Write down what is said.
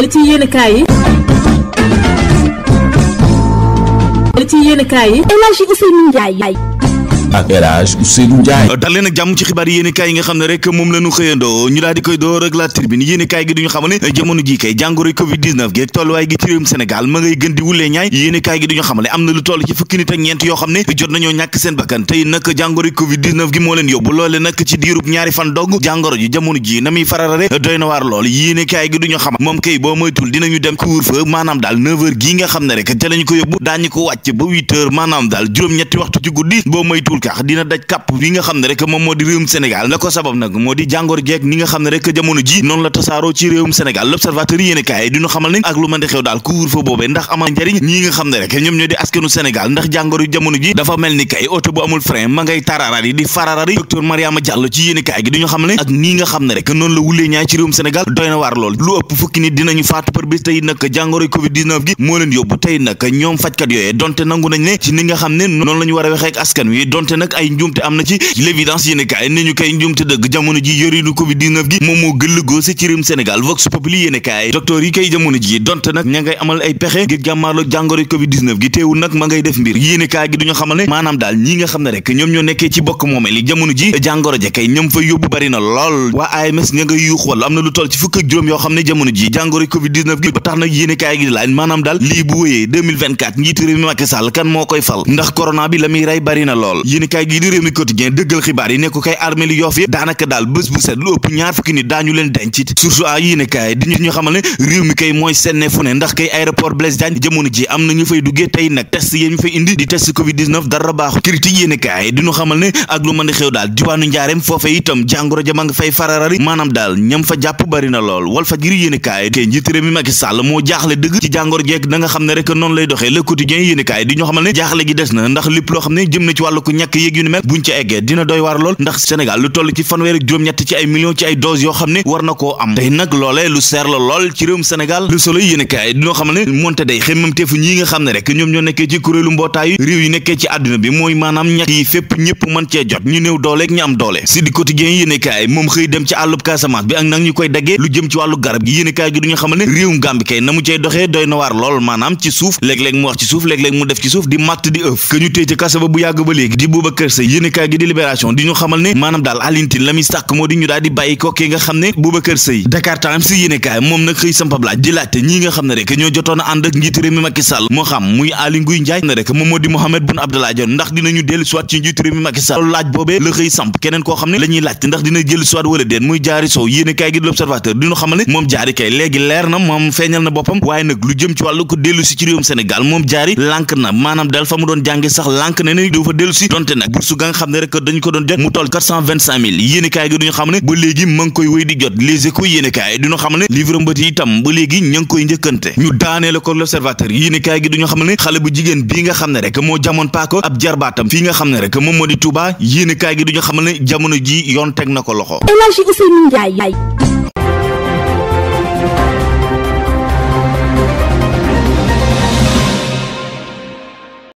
li ci yenn yi. li ci yenn yi. El Hadji ak ak jàmm ci xibaar yéen yi nga xam ne rek moom la xëyandoo ñu daal koy door ak la tribune yéen gi duñu xamal moom kay boo moytul dinañu dem couvre-feu maanaam daal 9 gii nga xam ne rek ca lañu ko yóbbu daañu ko wàcc ba 8 maanaam daal juróom-ñetti waxtu ci guddi boo moytul 2024 dina daj kàpp yi nga xam ne rek moom moo di réewum Sénégal la ko sabab nag moo di jàngoor ji ak nii nga xam ne rek noonu la wulee ñaay ci réewum Sénégal doy na waar lool lu ëpp fukki nit dinañu faatu par bés tey nag jàngoro covid 19 gi moo leen yóbbu tey nag ñoom fajkat yooyee donte nangu nañ ne ci ni nga xam ne noonu la war a waxee askan wi donte donte nag ay njuumte am na ci l'évidence yéen kaay ne ñu kay njuumte dëgg jamono ji yorinu covid 19 gi moom moo gëll góose ci réewum Sénégal vox populi yéen kaay docteur yi kay jamono ji donte nag ña ngay amal ay pexe ngir jàmmaarloo jàngoro covid 19 gi teewul nag ma ngay def mbir yéen kaay gi duñu xamal ne maanaam daal ñi nga xam ne rek ñoom ñoo nekkee ci bokk moomeel yi jamono ji jàngoro ci fukk ak juróom yoo xam ne jamono ji jàngoro covid 19 gi ba tax nag yéen kaay gi laaj maanaam daal lii bu wéyee yéenekaay gi di Rewmi Quotidien dëggal xibaar yi ne kay armée li yi daanaka daal bés bu set lu ëpp ñaar fukki nit daañu leen denc surtout ah yéenekaay di di ñu xamal ne jaaxle da gi des na ndax lépp loo xam ne jëm na ci wàllu ko ñàkk yéeg yu a nekkee yi nekkee ci àdduna cee jot ñu néew dooleeg ñu am doole si di quotidien yéen a kaay moom xëy dem ci àllub Casamance bi ak nag ñu koy daggee lu jëm ci wàllu garab gi yéen a gi duñu xamal ne réewum Gàmbi kay na mu cey doxee doy na waar lool maanaam ci suuf léeg-léeg mu wax ci suuf léeg-léeg mu def ci suuf di màtt di ëf Boubacar Seye yéenekaay gi di Libération di ñu xamal a gi di L'Observateur xamal ne moom jaari kay léegi leer na moom feeñal na boppam waaye nag dellu si ci réewum Sénégal moom jaari lànk na maanaam daal fa mu doon jànge sax lànk na ne du fa dellu si doon compte nag bourse ga nga xam ne rek dañu ko doon jot mu toll 425 000 yéenekaay gi duñu xam ne ba léegi ma ngi koy wéy di jot Les Échos yéenekaay duñu xam ne livre mbët yi itam ba léegi ña ngi koy njëkkante ñu daanee ko l'Observateur yéenekaay gi duñu xam ne xale bu jigéen bii nga xam ne rek moo jamoon paako ab jarbaatam fii nga xam ne rek moom moo di Touba yéenekaay gi duñu xam ne jamono ji yoon teg na ko loxo